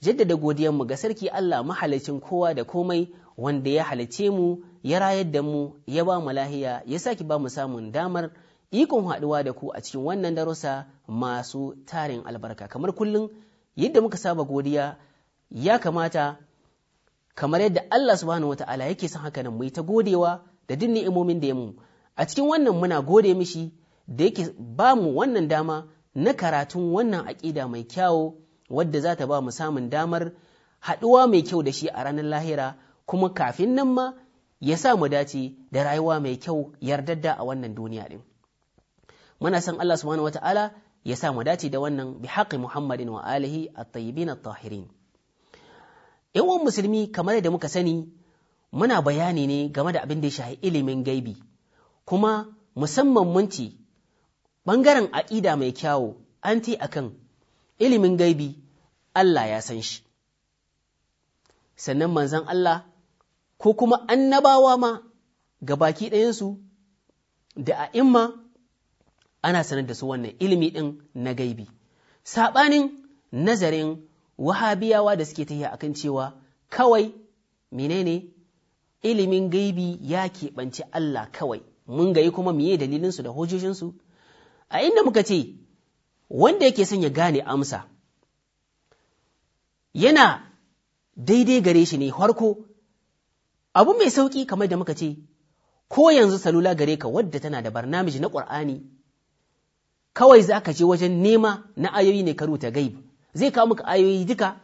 jaddada godiyarmu ga sarki Allah mahalicin kowa da komai wanda ya halice mu ya rayar da mu ya ba mu lahiya ya saki ba mu samun damar ikon haɗuwa da ku a cikin wannan darussa masu tarin albarka kamar kullum yadda muka saba godiya ya kamata kamar yadda Allah subhanahu wata'ala yake son haka nan mu yi ta godewa da duk ni'imomin da ya mu a cikin wannan muna gode mishi da yake ba mu wannan dama na karatun wannan aƙida mai kyawo wadda za ta ba mu samun damar haɗuwa mai kyau da shi a ranar lahira kuma kafin nan ma ya sa mu dace da rayuwa mai kyau yardadda a wannan duniya ɗin muna san Allah subhanahu ta'ala ya sa mu dace da wannan bi haƙi Muhammadin wa alihi at-tayyibin at-tahirin yawan musulmi kamar da muka sani muna bayani ne game da abin da ya shahi ilimin gaibi kuma musamman mun ɓangaren aƙida mai kyawu an ti akan ilimin gaibi Allah ya san shi sannan manzan Allah ko kuma annabawa ma ga baki ɗayansu da a imma ana sanar da su wannan ilimi ɗin na gaibi saɓanin nazarin wahabiyawa da suke tafiya akan cewa kawai menene ilimin gaibi ya keɓanci Allah kawai mun gayi kuma miye dalilinsu da hujjojinsu a inda muka ce wanda yake son ya gane amsa yana daidai gare shi ne harko abu mai sauƙi kamar da muka ce ko yanzu salula gare ka wadda tana da barnamiji na ƙur'ani kawai za ka je wajen nema na ayoyi ne ka rubuta gaib zai kawo muka ayoyi duka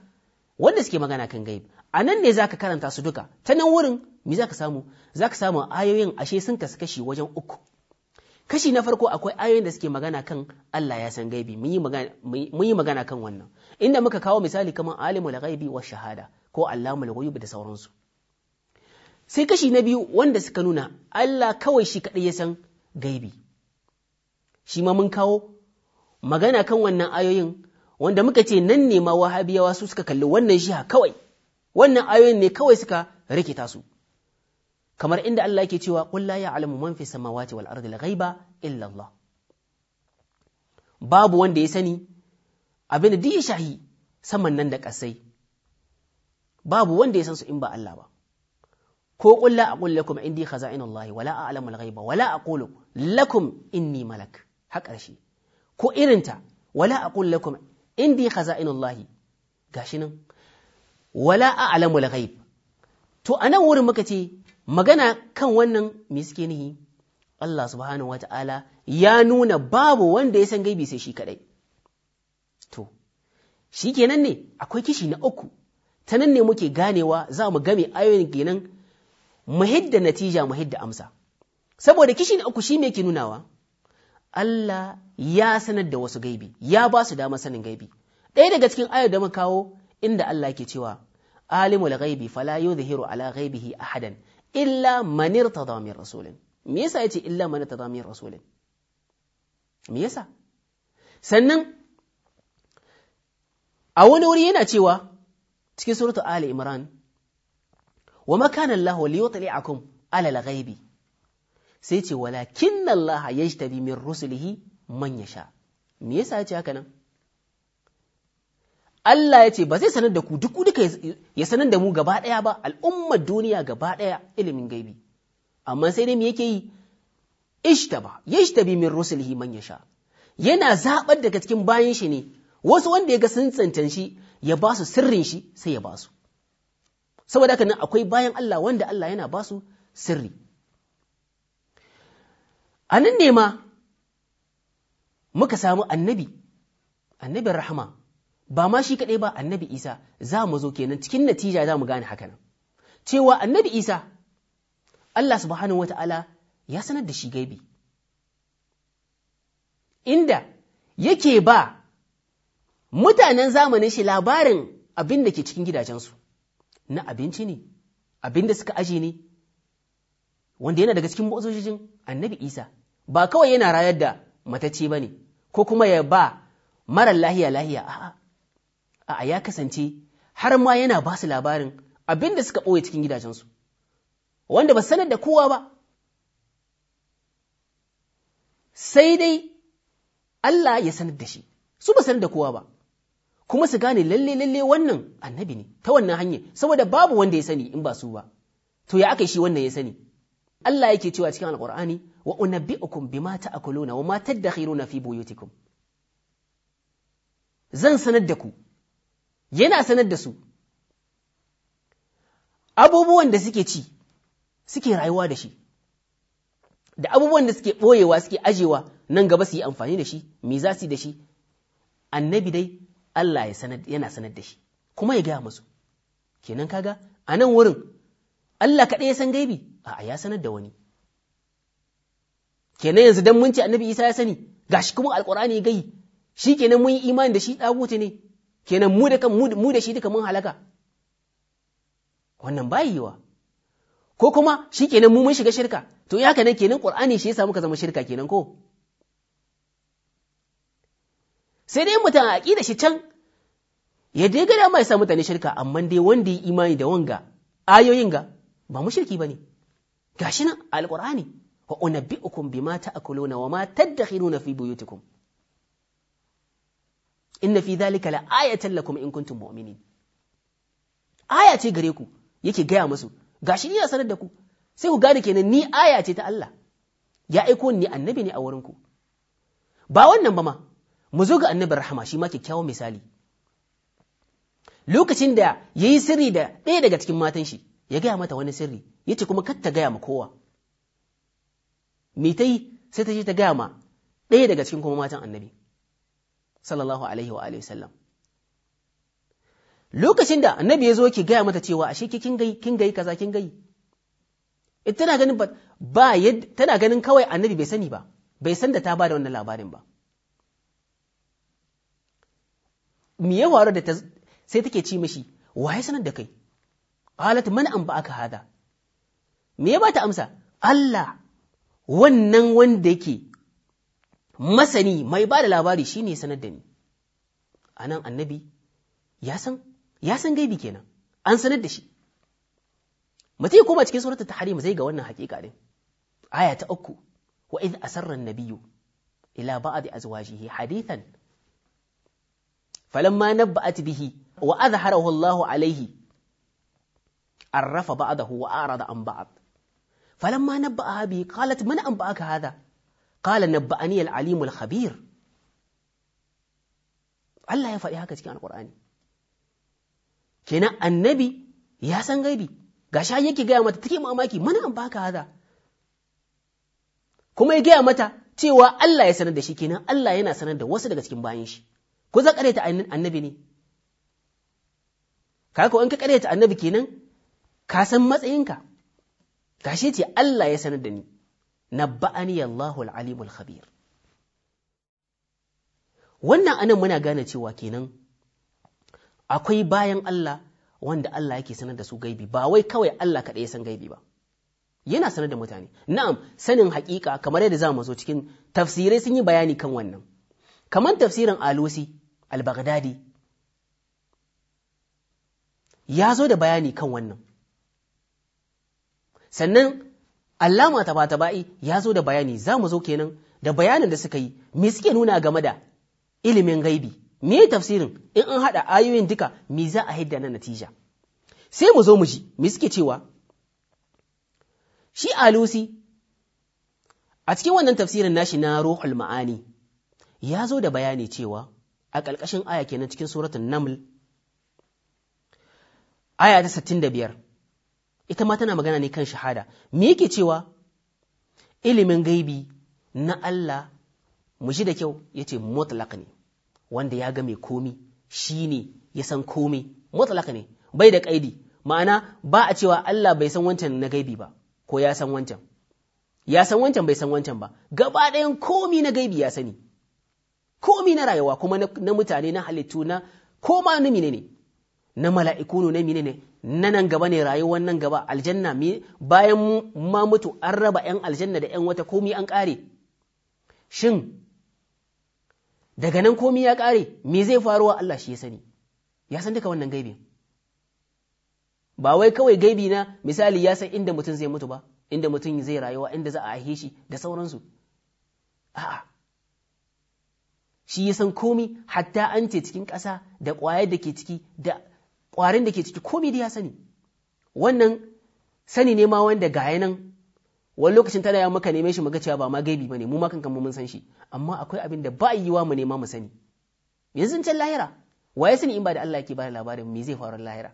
wanda suke magana kan gaib a nan ne za ka karanta su duka ta nan wurin me za ka samu za ka samu ayoyin ashe sun kasu kashi wajen uku kashi na farko akwai ayoyin da suke magana kan Allah ya san gaibi mun yi magana kan wannan inda muka kawo misali kamar alimul ghaibi wa shahada ko allamul ghuyub da sauransu sai kashi na biyu wanda suka nuna Allah kawai shi kadai ya san gaibi shi ma mun kawo magana kan wannan ayoyin wanda muka ce nan ne ma wahabiyawa su suka kalli wannan shiha kawai wannan ayoyin ne kawai suka rikita su kamar inda Allah yake cewa qul la ya'lamu man fi samawati wal ardi ghaiba illa Allah babu wanda ya sani abin da duk shahi saman nan da kasai babu wanda ya san su in ba Allah ba ko qul la aqul lakum indi khaza'in Allah wala a'lamu al ghaiba wala aqulu lakum inni malak har ƙarshe ko irinta wala aqul lakum indi khaza'in Allah gashi nan wala a'lamu al ghaib to anan wurin muka ce magana kan wannan me suke nihi Allah subhanahu wata'ala ya nuna babu wanda ya san gaibi sai shi kadai to shi kenan ne akwai kishi na uku ta nan ne muke ganewa za mu game ayoyin kenan mu hidda natija mu hidda amsa saboda kishi na uku shi me ke nunawa Allah ya sanar da wasu gaibi ya ba su damar sanin gaibi ɗaya daga cikin ayar da mu kawo inda Allah ke cewa alimul ghaibi fala yuzhiru ala ghaibihi ahadan illa manir tadamin rasulin me yasa ya ce illa manir tadamin rasulin me yasa sannan a wani wuri yana cewa cikin suratu Ali Imran wa ma kana Allah li yutli'akum ala al-ghaibi sai ce walakin Allah yajtabi min rusulihi man yasha me yasa ya ce haka nan Allah ya ce ba zai sanar da ku duk duka ya sanar da mu gaba ɗaya ba al'ummar duniya gaba ɗaya ilimin gaibi amma sai dai me yake yi ishtaba yashtabi min rusulihi man yasha yana zabar daga cikin bayan shi ne wasu wanda ya ga sun tsantan shi ya ba su sirrin shi sai ya ba su saboda haka nan akwai bayan Allah wanda Allah yana ba su sirri Anan ne ma muka samu annabi annabin rahama ba ma shi kaɗai ba annabi isa za mu zo kenan cikin natija za mu gane hakanan cewa annabi isa Allah subhanahu wa ta'ala ya sanar da shi gaibi inda yake ba mutanen zamanin shi labarin abin da ke cikin gidajensu na abinci ne abin da suka aji ne wanda yana daga cikin mu'azojijin annabi isa ba kawai yana rayar da matacce ba ne ko kuma ya ba marar lahiya lahiya a'a a ya kasance har ma yana ba su labarin abin da suka ɓoye cikin gidajensu, wanda ba sanar da kowa ba, sai dai Allah ya sanar da shi, su ba sanar da kowa ba, kuma su gane lalle lalle wannan annabi ne ta wannan hanyar, saboda babu wanda ya sani in ba su ba, to ya aka shi wannan ya sani. Allah yake cewa cikin Alƙur'ani wa unabbi'ukum bima ta'kuluna wa ma tadakhiruna fi buyutikum. Zan sanar da ku yana sanar da su abubuwan da suke ci suke rayuwa da shi da abubuwan da suke ɓoyewa suke ajewa nan gaba su yi amfani da shi me za su yi da shi annabi dai Allah yana sanar da shi kuma ya gaya musu kenan kaga a nan wurin Allah kaɗai ya san gaibi a ya sanar da wani kenan yanzu dan mun ce annabi Isa ya sani gashi kuma alkur'ani gayi shi kenan mun yi imani da shi ɗagote ne kenan mu da kan mu da shi duka mun halaka wannan ba yiwa ko kuma shi kenan mu mun shiga shirka to ya kana kenan qur'ani shi yasa muka zama shirka kenan ko sai dai mutum a aƙida shi can ya dai gada ma ya sa mutane shirka amma dai wanda yi imani da wanga ayoyin ga ba mu shirki bane gashi nan alqur'ani wa unabbi'ukum bima ta'kuluna wa ma tadakhiruna fi buyutikum inna fi dhalika la ayatan lakum in kuntum mu'minin aya ce gare ku yake gaya musu gashi ni ya sanar da ku sai ku gane kenan ni aya ce ta Allah ya aiko ni annabi ne a wurin ku ba wannan ba ma mu zo ga annabi rahama shi ma kyakkyawan misali lokacin da yayi sirri da ɗaya daga cikin matan shi ya gaya mata wani sirri yace kuma kar ta gaya ma kowa me ta yi sai ta je ta gaya ma ɗaya daga cikin kuma matan annabi sallallahu alaihi wa sallam lokacin da annabi ya zo ki gaya mata cewa ashe ki kin gai kin gai kaza kin gai ita tana ganin ba tana ganin kawai annabi bai sani ba bai san da ta da wannan labarin ba me ya faru da ta sai take ci mishi waye sanar da kai qalat man an ba aka hada me ya ba ta amsa Allah wannan wanda yake masani mai ba da labari shi ne sanar da ni a nan annabi ya san gaibi kenan an sanar da shi mutum ya koma cikin ta harima zai ga wannan hakika ne, aya ta uku wa idh asarra an-nabiyyu ila ba'd azwajihi hadithan falamma nabba'at bihi wa azharahu Hullahu alayhi عرف بعضه وأعرض عن بعض فلما نبأها mana an من ka hada. kala na ba'aniyar alimul Habir. Allah ya faɗi haka cikin alkur'ani kenan annabi ya san gaibi gashi yake gaya mata take mamaki mana an baka haza kuma ya gaya mata cewa Allah ya sanar da shi kenan Allah yana sanar da wasu daga cikin bayan shi ku za ta annabi ne ka ko in ka ta annabi kenan ka san matsayinka gashi ce Allah ya sanar da ni nabba'ani Allahul alimul khabir wannan anan muna gane cewa kenan akwai bayan Allah wanda Allah yake sanar da su gaibi ba wai kawai Allah kaɗai ya san gaibi ba yana sanar da mutane na'am sanin haƙiƙa kamar yadda za mu zo cikin tafsirai sun yi bayani kan wannan kamar tafsirin alusi al-baghdadi ya zo da bayani kan wannan sannan allama ta ba ta ba'i ya zo da bayani za mu zo kenan da bayanin da suka yi me suke nuna game da ilimin gaibi me tafsirin in an haɗa ayoyin duka me za a haidda na natija sai mu zo mu ji me suke cewa shi alusi a cikin wannan tafsirin nashi na ruhul ma'ani ya zo da bayani cewa a ƙarƙashin aya kenan cikin suratun naml aya ta 65 ita ma tana magana ne kan shahada me yake cewa ilimin gaibi na Allah mu ji da kyau yace mutlaq ne wanda ya ga mai komi shine ya san komi mutlaq ne bai da kaidi ma'ana ba a cewa Allah bai san wancan na gaibi ba ko ya san wancan ya san wancan bai san wancan ba gaba ɗayan komi na gaibi ya sani komi na rayuwa kuma na mutane na halittu na koma na ne na mala'iku ne mine ne na nan gaba ne rayuwar nan gaba aljanna bayan ma mutu an raba ‘yan aljanna da ‘yan wata komi an ƙare shin daga nan komi ya ƙare me zai faruwa Allah shi ya sani ya san duka wannan gaibi ba wai kawai gaibi na misali ya san inda mutum zai mutu ba inda mutum zai rayuwa inda za a ahe shi da sauransu a'a shi ya san komi hatta an ce cikin ƙasa da ƙwayar da ke ciki da ƙwarin da ke ciki komai da ya sani wannan sani ne ma wanda ga nan wani lokacin tana ya muka neme shi muga cewa ba ma gaibi ne mu ma kankan mun san shi amma akwai abin da ba yi wa mu nema mu sani yanzu can lahira wa ya sani in ba da Allah yake ba da labarin me zai faru lahira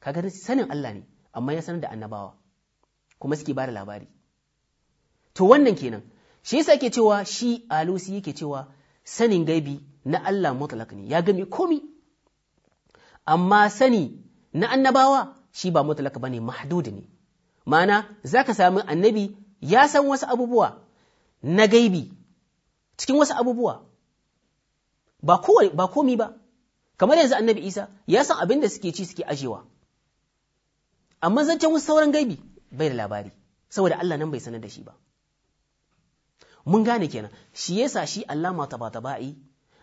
kaga sanin Allah ne amma ya sanar da annabawa kuma suke ba da labari to wannan kenan shi yasa ke cewa shi alusi yake cewa sanin gaibi na Allah mutlaq ne ya gami komai. amma sani na annabawa shi ba mutlaka bane mahdud ne mana zaka sami annabi ya san wasu abubuwa na gaibi cikin wasu abubuwa ba komi ba kamar yanzu annabi Isa ya san abin da suke ci suke ajewa amma zancen wasu sauran gaibi bai da labari saboda Allah nan bai sanar da shi ba mun gane kenan shi yasa shi Allah ma taba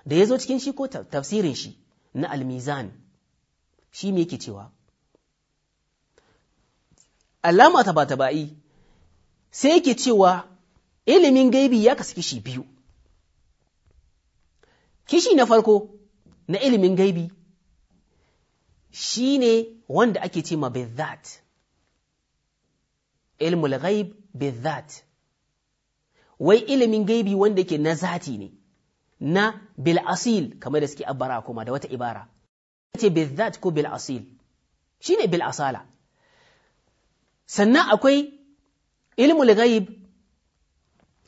da ya zo cikin shi ko tafsirin shi na almizan shi me yake cewa alama ta bata ba'i sai yake cewa ilimin gaibi ya kasu kishi biyu kishi na farko na ilimin gaibi shine wanda ake ce ma bizzat ilmul ghaib wai ilimin gaibi wanda ke na zati ne na bil asil kamar da suke abara kuma da wata ibara ce bizzat ko bil asil shine bil asala sannan akwai ilmul ghaib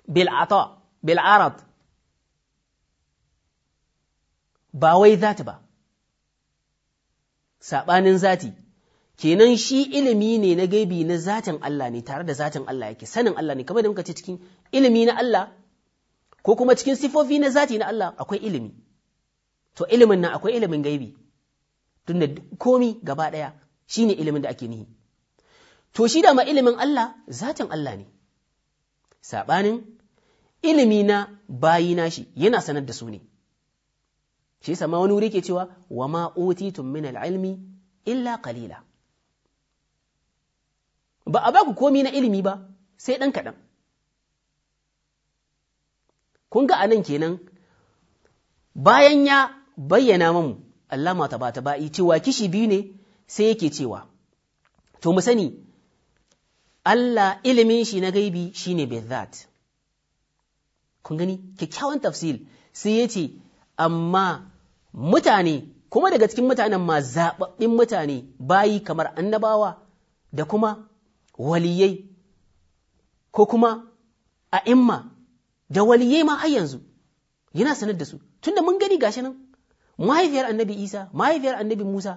bil ata bil arad ba wai zati ba sabanin zati kenan shi ilimi ne na gaibi na zatin Allah ne tare da zatin Allah yake sanin Allah ne kamar da muka ce cikin ilimi na Allah ko kuma cikin sifofi na zati na Allah akwai ilimi to ilimin nan akwai ilimin gaibi tunda komi gaba ɗaya shi ne ilimin da ake nihi to shi ma ilimin Allah zatin Allah ne saɓanin ilimi na bayi nashi yana sanar da su ne shi sama wani wuri ke cewa wa ma utitum min ilmi illa qalila ba a baku komi na ilimi ba sai ɗan kaɗan kun ga anan kenan bayan ya bayyana mamu allama ta ta ba'i cewa kishi biyu ne sai yake cewa to mu sani Allah ilimin shi na gaibi shine that. kun gani kyakkyawan tafsil sai ya ce amma mutane kuma daga cikin mutanen ma zaɓaɓɓin mutane bayi kamar annabawa da kuma waliyai ko kuma a imma da waliyai ma har yanzu yana sanar da su tunda mun gani gashi nan mahaifiyar annabi isa mahaifiyar annabi musa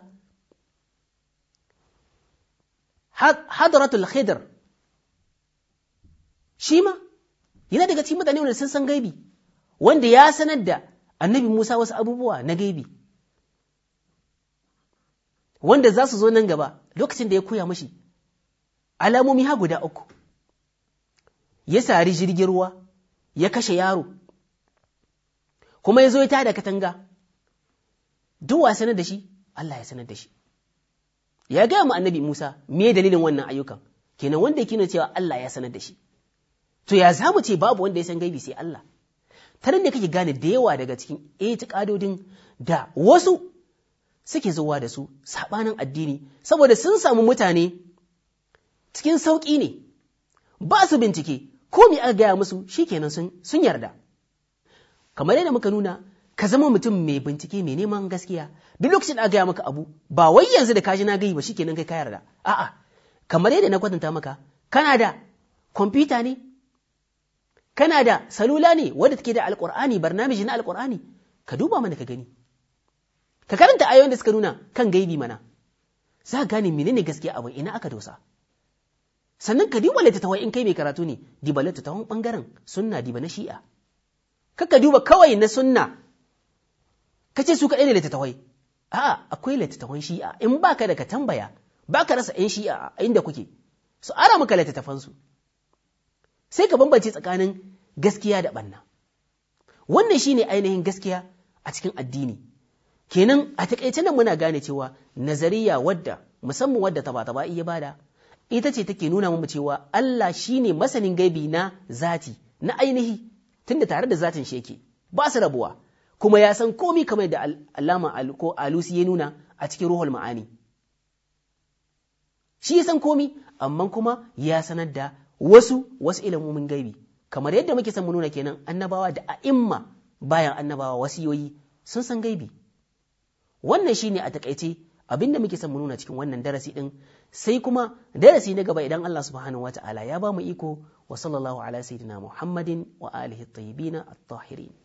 hadratul khidr shi ma yana daga cikin mutane wanda sun san gaibi wanda ya sanar da annabi musa wasu abubuwa na gaibi wanda za su zo nan gaba lokacin da ya koya mashi alamomi ha guda uku ya sari jirgin ruwa ya kashe yaro kuma ya zo ya tada katanga duk wa sanar da shi Allah ya sanar da shi ya gaya mu annabi Musa me dalilin wannan ayyukan kenan wanda yake nuna cewa Allah ya sanar da shi to ya zamu ce babu wanda ya san gaibi sai Allah nan da kake gane da yawa daga cikin itiqadodin da wasu suke zuwa da su sabanin addini saboda sun samu mutane cikin sauki ne ba su bincike ko me aka gaya musu shikenan sun sun yarda kamar yadda muka nuna ka zama mutum mai bincike mai neman gaskiya duk lokacin da aka gaya maka abu ba wai yanzu da kaji na gayi ba shikenan kai ka yarda a'a kamar yadda na kwatanta maka kana da kwamfuta ne kana da salula ne wadda take da alkur'ani barnamiji na alkur'ani ka duba mana ka gani ka karanta ayoyin da suka nuna kan gaibi mana za ka gane menene gaskiya abu ina aka dosa sannan ka duba littattafai in kai mai karatu ne diba littattafan bangaren sunna diba na shi'a kaka duba kawai na sunna ka ce su kaɗai ne littattafai a'a akwai littattafan shi'a in baka da ka tambaya ba ka rasa yan shi'a a inda kuke su ara maka littattafan su sai ka bambance tsakanin gaskiya da ɓanna. wannan shine ainihin gaskiya a cikin addini kenan a taƙaice nan muna gane cewa nazariya wadda musamman wadda taba ba iya bada ita ce take nuna mu cewa Allah shine masanin gaibi na zati na ainihi tunda tare da zatin shi yake ba su rabuwa kuma ya san komi kamar da alama ko alusi ya nuna a cikin ruhul ma'ani shi ya san komi amma kuma ya sanar da wasu wasu ilimomin gaibi kamar yadda muke san mu nuna kenan annabawa da a'imma bayan annabawa wasiyoyi sun san gaibi wannan shine a takaice abinda muke san mu nuna cikin wannan darasi din sai kuma darasi na gaba idan Allah subhanahu wataala ya ba mu iko wa sallallahu ala sayyidina Muhammadin wa alihi at-tayyibin at-tahirin